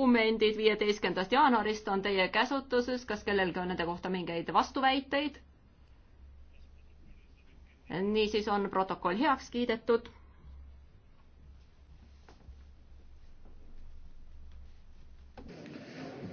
dokumendid viieteistkümnendast jaanuarist on teie käsutuses, kas kellelgi on nende kohta mingeid vastuväiteid? niisiis on protokoll heaks kiidetud